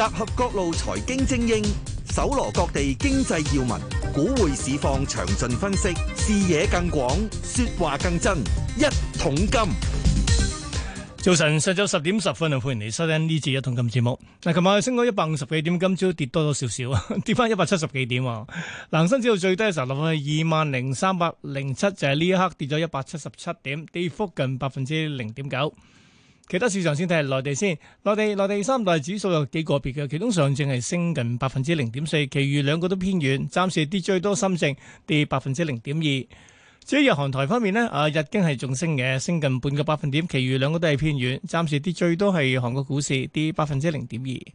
集合各路財經精英，搜羅各地經濟要聞，股匯市況詳盡分析，視野更廣，說話更真。一桶金，早晨，上晝十點十分啊，歡迎你收聽呢次一桶金節目。嗱，琴日升咗一百五十幾點，今朝跌多 跌多少少啊，跌翻一百七十幾點啊。恒生指數最低嘅時候落去二萬零三百零七，就係呢一刻跌咗一百七十七點，跌幅近百分之零點九。其他市場先睇，係內地先。內地內地三大指數有幾個別嘅，其中上證係升近百分之零點四，其餘兩個都偏軟。暫時跌最多深證跌百分之零點二。至於日韓台方面呢，啊日經係仲升嘅，升近半個百分點，其餘兩個都係偏軟。暫時跌最多係韓國股市跌百分之零點二。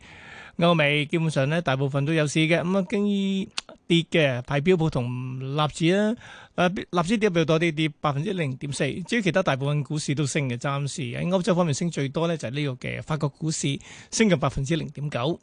歐美基本上呢，大部分都有市嘅。咁啊，經。跌嘅，派標普同納指啦。誒、呃，納指跌咗多啲，跌百分之零點四。至於其他大部分股市都升嘅，暫時喺歐洲方面升最多咧，就係呢個嘅法國股市升緊百分之零點九。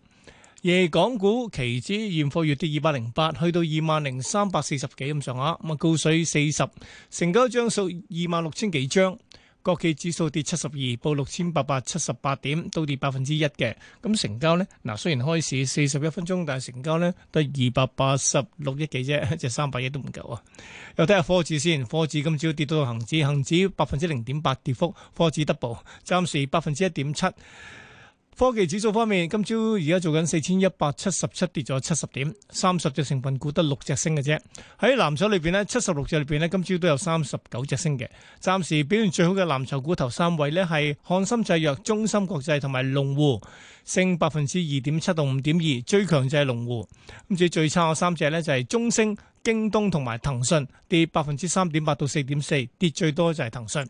夜港股期指現貨月跌二百零八，去到二萬零三百四十幾咁上下，咁啊高水四十，成交張數二萬六千幾張。國企指數跌七十二，報六千八百七十八點，都跌百分之一嘅。咁成交呢？嗱雖然開市四十一分鐘，但係成交呢得二百八十六億幾啫，即係三百億都唔夠啊。又睇下科指先，科指今朝跌到恒指，恒指百分之零點八跌幅，科指得報暫時百分之一點七。科技指數方面，今朝而家做緊四千一百七十七，跌咗七十點，三十隻成分股得六隻升嘅啫。喺藍籌裏邊呢，七十六隻裏邊呢，今朝都有三十九隻升嘅。暫時表現最好嘅藍籌股頭三位呢，係漢森製藥、中芯國際同埋龍湖，升百分之二點七到五點二，最強就係龍湖。咁至最差嘅三隻呢，就係中升、京東同埋騰訊，跌百分之三點八到四點四，跌最多就係騰訊。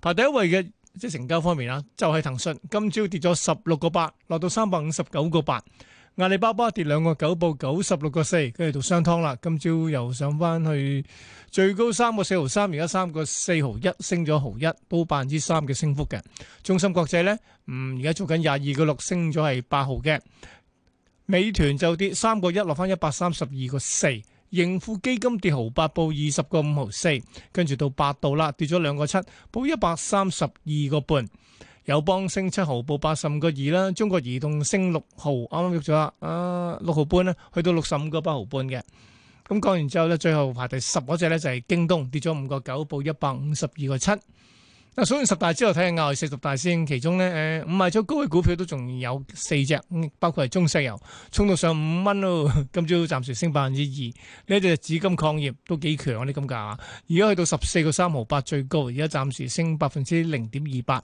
排第一位嘅。即係成交方面啦，就係騰訊今朝跌咗十六個八，落到三百五十九個八。阿里巴巴跌兩個九，報九十六個四，跟住到商湯啦。今朝又上翻去最高三個四毫三，而家三個四毫一，升咗毫一，都百分之三嘅升幅嘅。中芯國際呢，嗯，而家做緊廿二個六，升咗係八毫嘅。美團就跌三個一，1，落翻一百三十二個四。盈富基金跌毫八，報二十個五毫四，跟住，到百度啦，跌咗兩個七，報一百三十二個半。友邦升七毫，報八十五個二啦。中國移動升六毫，啱啱喐咗啦，啊六毫半啦，去到六十五個八毫半嘅。咁講完之後咧，最後排第十嗰隻咧就係京東，跌咗五個九，報一百五十二個七。嗱，數完十大之後睇下亞匯四十大先，其中咧，誒、呃，五萬抽高嘅股票都仲有四隻，包括係中石油，衝到上五蚊咯，今朝暫時升百分之二。呢一隻紫金礦業都幾強啊，啲金價，而家去到十四個三毫八最高，而家暫時升百分之零點二八。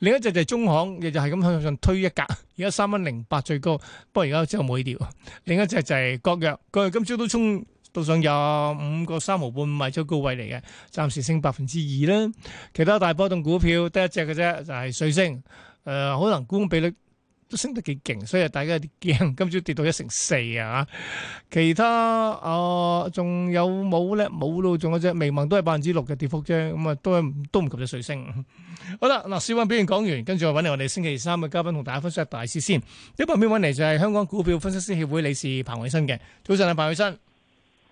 另一隻就係中行，亦就係咁向上推一格，而家三蚊零八最高，不過而家之後冇跌。另一隻就係國藥，佢今朝都衝。都上廿五個三毫半，賣出高位嚟嘅，暫時升百分之二啦。其他大波動股票得一隻嘅啫，就係瑞星。誒，可能股比率都升得幾勁，所以大家有啲驚，今朝跌到一成四啊。其他啊，仲有冇咧？冇咯，仲有隻明盟都係百分之六嘅跌幅啫。咁啊，都都唔及隻瑞星。好啦，嗱，小品表現講完，跟住我搵嚟我哋星期三嘅嘉賓同大家分享大市先。喺旁邊搵嚟就係香港股票分析師協會理事彭偉新嘅。早上啊，彭偉新。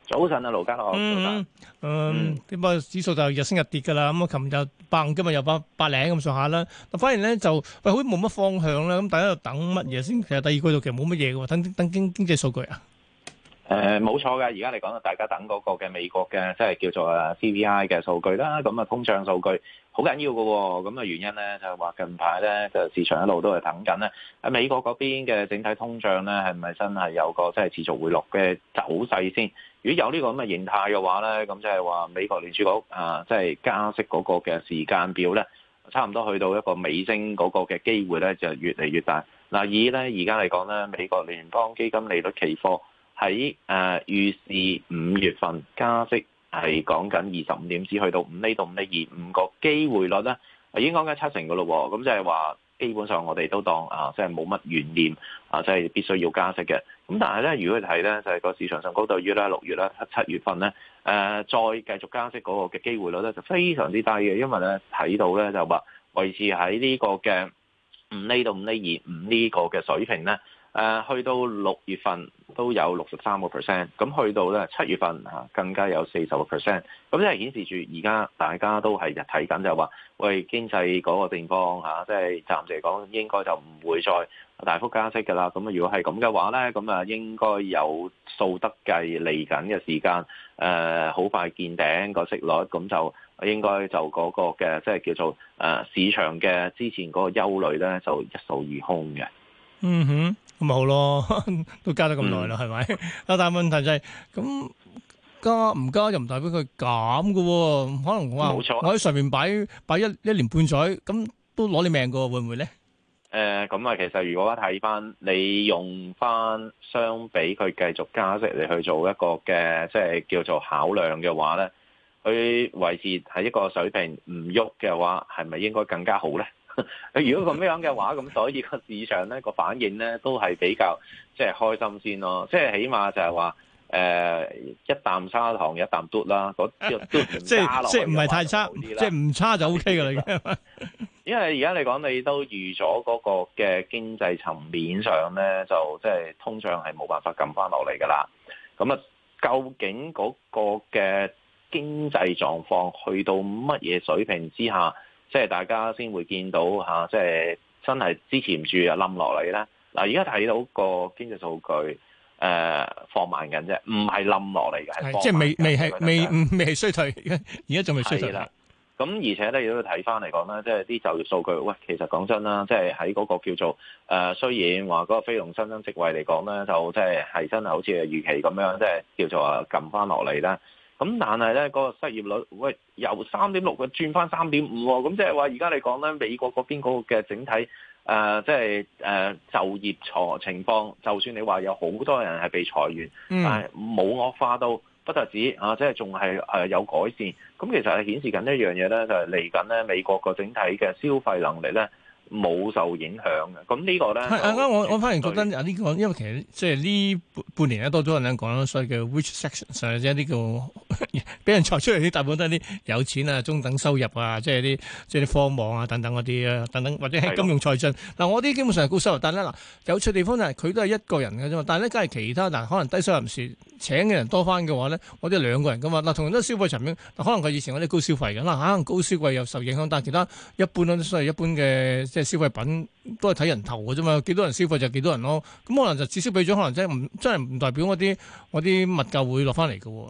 早晨啊，盧家樂、嗯。嗯嗯，點解指數就日升日跌噶啦？咁啊，琴日百五，今日又百百零咁上下啦。反而咧就喂，好似冇乜方向啦。咁大家又等乜嘢先？其實第二季度其實冇乜嘢嘅，等等經經濟數據啊。誒、呃，冇錯噶。而家嚟講，啊，大家等嗰個嘅美國嘅即係叫做啊 CPI 嘅數據啦。咁啊，通脹數據好緊要嘅、哦。咁啊，原因咧就話近排咧就市場一路都係等緊咧，喺美國嗰邊嘅整體通脹咧係咪真係有個即係持續回落嘅走勢先？如果有呢個咁嘅形態嘅話咧，咁就係話美國聯儲局啊，即、就、係、是、加息嗰個嘅時間表咧，差唔多去到一個尾聲嗰個嘅機會咧，就越嚟越大。嗱、啊，以咧而家嚟講咧，美國聯邦基金利率期貨喺誒、啊、預示五月份加息係講緊二十五點至去到五厘到五厘二，五個基匯率咧已經講緊七成嘅咯，咁就係話。基本上我哋都當啊，即係冇乜懸念啊，即係必須要加息嘅。咁但係咧，如果你睇咧就係、是、個市場上高到於咧六月啦、七月份咧，誒、呃、再繼續加息嗰個嘅機會率咧就非常之低嘅，因為咧睇到咧就話維持喺呢個嘅五厘到五厘二五呢個嘅水平咧。誒去到六月份都有六十三個 percent，咁去到咧七月份嚇更加有四十個 percent，咁即係顯示住而家大家都係睇緊就係話，喂經濟嗰個地方嚇，即係暫時嚟講應該就唔會再大幅加息㗎喇。咁如果係咁嘅話咧，咁啊應該有數得計嚟緊嘅時間，誒好快見頂個息率，咁就應該就嗰個嘅即係叫做誒市場嘅之前嗰個憂慮咧就一掃而空嘅。嗯哼。咁咪好咯，都加咗咁耐啦，係咪？但係問題就係，咁加唔加又唔代表佢減噶，可能話，冇錯，我喺上面擺擺一一年半載，咁都攞你命噶，會唔會咧？誒，咁啊，其實如果睇翻你用翻相比佢繼續加息嚟去做一個嘅，即係叫做考量嘅話咧，佢維持喺一個水平唔喐嘅話，係咪應該更加好咧？ 如果咁樣嘅話，咁所以個市場咧個反應咧都係比較即係、就是、開心先咯，即係起碼就係話誒一啖砂糖一啖嘟啦，嗰啲都唔即係即係唔係太差，即係唔差就 O K 噶啦。因為而家嚟講，你都預咗嗰個嘅經濟層面上咧，就即係通脹係冇辦法撳翻落嚟噶啦。咁啊，究竟嗰個嘅經濟狀況去到乜嘢水平之下？即係大家先會見到嚇、啊，即係真係支持唔住啊冧落嚟啦。嗱，而家睇到個經濟數據，誒、呃、放慢緊啫，唔係冧落嚟嘅，即係未未係未未係衰退。而家仲未衰退啦。咁、嗯、而且咧，亦都睇翻嚟講啦，即係啲就業數據，喂，其實講真啦，即係喺嗰個叫做誒、呃，雖然話嗰個非農新增職位嚟講咧，就即係係真係好似預期咁樣，即係叫做啊撳翻落嚟啦。咁但係咧，個失業率喂由三點六個轉翻三點五喎，咁即係話而家你講咧美國嗰邊嗰個嘅整體誒，即係誒就業裁情況，就算你話有好多人係被裁員，但係冇惡化到不但止啊，即係仲係誒有改善。咁、嗯嗯、其實係顯示緊一樣嘢咧，就係嚟緊咧美國個整體嘅消費能力咧。冇受影響嘅，咁呢個咧，阿 阿、啊、我我反而覺得啊呢、呢個，因為其實即係呢半年咧多咗人講啦，所以叫 which section 上嘅一啲叫俾人裁出嚟，啲大部分都係啲有錢啊、中等收入啊，即係啲即係啲科網啊等等嗰啲啊，等等，等，等或者係金融財政嗱，我啲基本上係高收入，但係咧嗱有趣地方就係佢都係一個人嘅啫嘛，但係咧梗係其他嗱、啊，可能低收入人士。請嘅人多翻嘅話咧，我啲兩個人噶嘛嗱，同樣都消費層面，可能佢以前嗰啲高消費嘅嗱，可能高消費又受影響，但係其他一般咯，所以一般嘅即係消費品都係睇人頭嘅啫嘛，幾多人消費就幾多人咯。咁可能就指消費咗，可能真係唔真係唔代表嗰啲啲物價會落翻嚟嘅喎。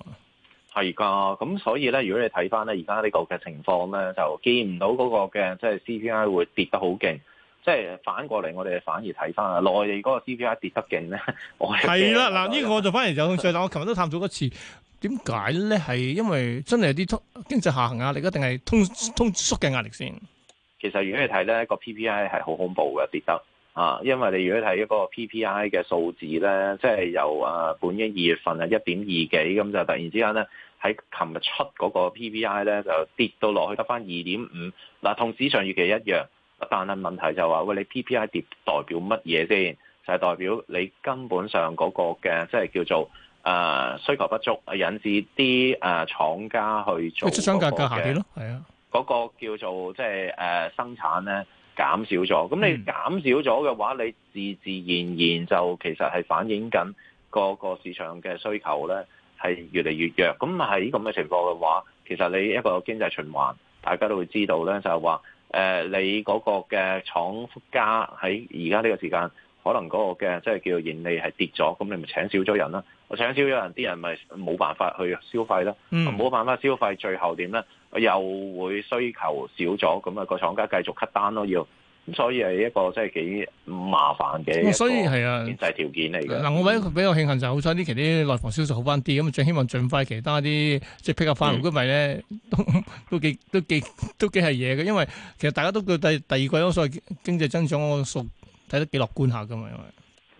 係噶，咁所以咧，如果你睇翻咧而家呢個嘅情況咧，就見唔到嗰個嘅即係 CPI 會跌得好勁。即係反過嚟，我哋反而睇翻啊！內地嗰個 CPI 跌得勁咧， 我係係啦，嗱、這、呢個就反而就， 但係我琴日都探討一次，點解咧係因為真係有啲通經濟下行壓力，一定係通通縮嘅壓力先？其實如果你睇咧個 PPI 係好恐怖嘅跌得啊，因為你如果睇一個 PPI 嘅數字咧，即係由啊本應二月份啊一點二幾咁就突然之間咧喺琴日出嗰個 PPI 咧就跌到落去得翻二點五，嗱，同市場預期一樣。但係問題就話、是、喂，你 PPI 跌代表乜嘢先？就係、是、代表你根本上嗰個嘅即係叫做誒、呃、需求不足，引致啲誒、呃、廠家去做出廠價格，格下跌咯。係啊，嗰個叫做即係誒、呃、生產咧減少咗。咁你減少咗嘅話，你自自然然就其實係反映緊個個市場嘅需求咧係越嚟越弱。咁喺咁嘅情況嘅話，其實你一個經濟循環，大家都會知道咧，就係、是、話。誒，你嗰個嘅廠家喺而家呢個時間，可能嗰個嘅即係叫做盈利係跌咗，咁你咪請少咗人啦。我請少咗人，啲人咪冇辦法去消費啦，冇、嗯、辦法消費，最後點咧？又會需求少咗，咁、那、啊個廠家繼續 cut 單咯要。咁所以係一個真係幾麻煩嘅所以經濟條件嚟嘅。嗱、啊，嗯、我覺得比較慶幸就係好彩呢期啲內房銷售好翻啲，咁最希望盡快其他啲即係披甲化如果唔係咧，都幾都幾都幾都幾係嘢嘅。因為其實大家都對第二季所謂經濟增長我睇得幾樂觀下噶嘛，因為。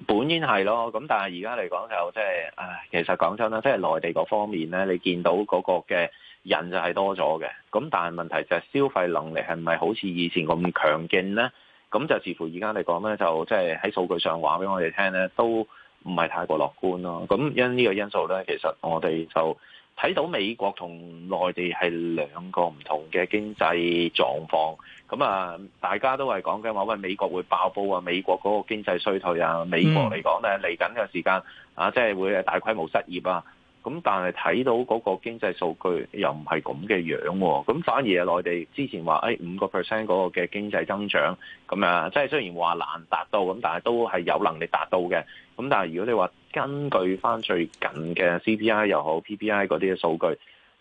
本應係咯，咁但係而家嚟講就即係，唉，其實講真啦，即係內地嗰方面咧，你見到嗰個嘅人就係多咗嘅，咁但係問題就係消費能力係咪好似以前咁強勁咧？咁就似乎而家嚟講咧，就即係喺數據上話俾我哋聽咧，都唔係太過樂觀咯。咁因呢個因素咧，其實我哋就睇到美國同內地係兩個唔同嘅經濟狀況。咁啊，大家都係講緊話，喂，美國會爆煲啊，美國嗰個經濟衰退啊，美國嚟講咧，嚟緊嘅時間啊，即係會係大規模失業啊。咁但係睇到嗰個經濟數據又唔係咁嘅樣喎，咁啊，反而係內地之前話，誒、哎、五個 percent 嗰個嘅經濟增長，咁啊，即係雖然話難達到，咁但係都係有能力達到嘅。咁啊，但係如果你話根據翻最近嘅 CPI 又好 PPI 嗰啲嘅數據，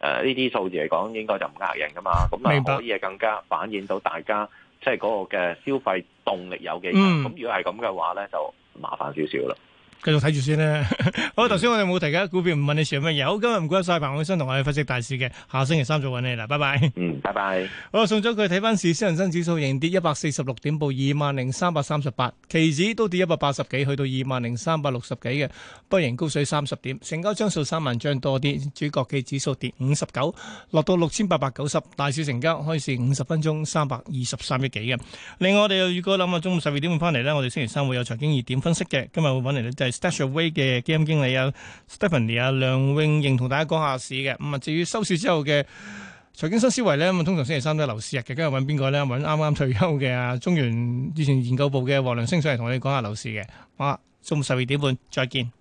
誒呢啲數字嚟講，應該就唔呃人噶嘛，咁啊白可以係更加反映到大家即係嗰個嘅消費動力有幾高。咁、嗯、如果係咁嘅話咧，就麻煩少少啦。繼續睇住先啦。 好，頭先、嗯、我哋冇提嘅股票，唔問你選乜嘢。好，今日唔該晒彭偉新同我哋分析大市嘅。下星期三再揾你啦，拜拜。嗯，拜拜。我送咗佢睇翻市，恒生指數仍跌一百四十六點，報二萬零三百三十八，期指都跌一百八十幾，去到二萬零三百六十幾嘅，報盈高水三十點，成交張數三萬張多啲。主角嘅指數跌五十九，落到六千八百九十，大市成交開市五十分鐘三百二十三億幾嘅。另外我哋又如果諗下中午十二點翻嚟呢，我哋星期三會有財經熱點分析嘅，今日會揾嚟係 Stashaway 嘅基金經理啊 Stephanie 啊，梁穎瑩同大家講下市嘅。咁、嗯、啊至於收市之後嘅財經新思維咧，咁啊通常星期三都係樓市日嘅，今日揾邊個咧？揾啱啱退休嘅啊中原之前研究部嘅黃良昇上嚟同你講下樓市嘅，好啦、啊，中午十二點半再見。